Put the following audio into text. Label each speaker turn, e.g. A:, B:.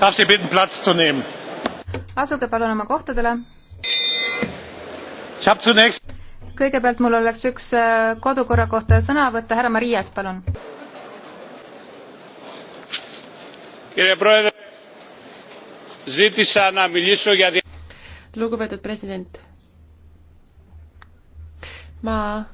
A: darf sie bitten platz zu nehmen.
B: asuge palun oma kohtadele. kõigepealt mul oleks üks äh, kodukorra kohta sõnavõtt härra marias palun. lugupeetud
C: president ma